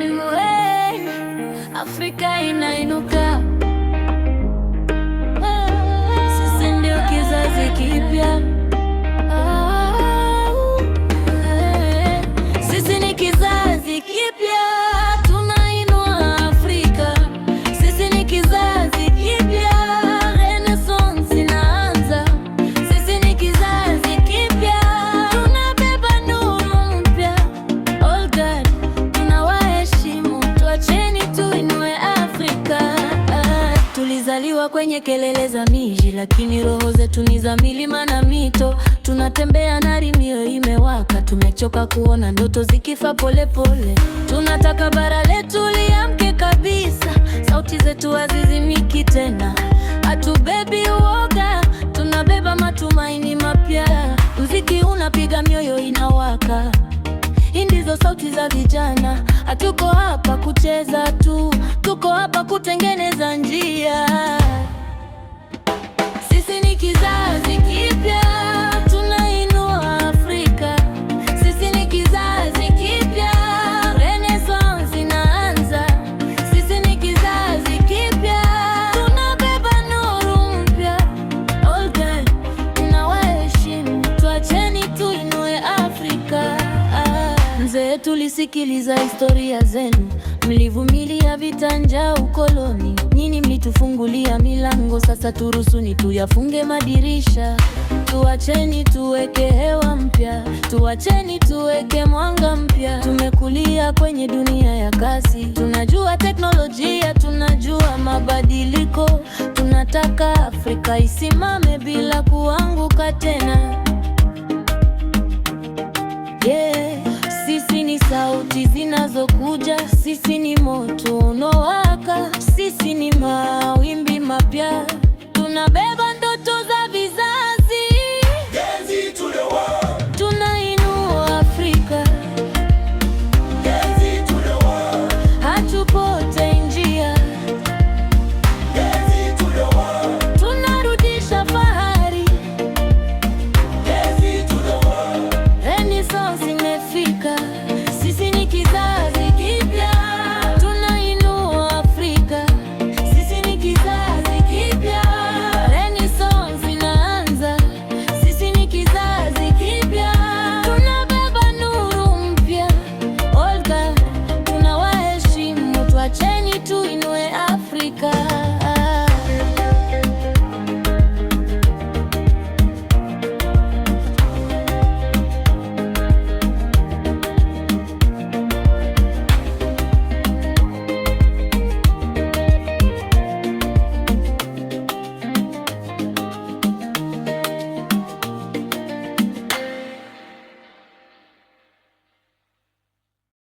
ni wewe, Afrika inainuka. tukiwa kwenye kelele za miji, lakini roho zetu ni za milima na mito. Tunatembea nari, mioyo imewaka, tumechoka kuona ndoto zikifa polepole. Tunataka bara letu liamke kabisa, sauti zetu hazizimiki tena. Hatubebi uoga, tunabeba matumaini mapya. Mziki unapiga, mioyo inawaka. Hii ndizo sauti za vijana. Hatuko hapa kucheza tu, tuko hapa Wazee tulisikiliza historia zenu, mlivumilia vita, njaa, ukoloni. Nyinyi mlitufungulia milango, sasa ni tuyafunge madirisha. Tuacheni tuweke hewa mpya, tuacheni tuweke mwanga mpya. Tumekulia kwenye dunia ya kasi, tunajua teknolojia, tunajua mabadiliko. Tunataka Afrika isimame bila kuanguka tena. zinazokuja, sisi ni moto unowaka, sisi ni mawimbi mapya.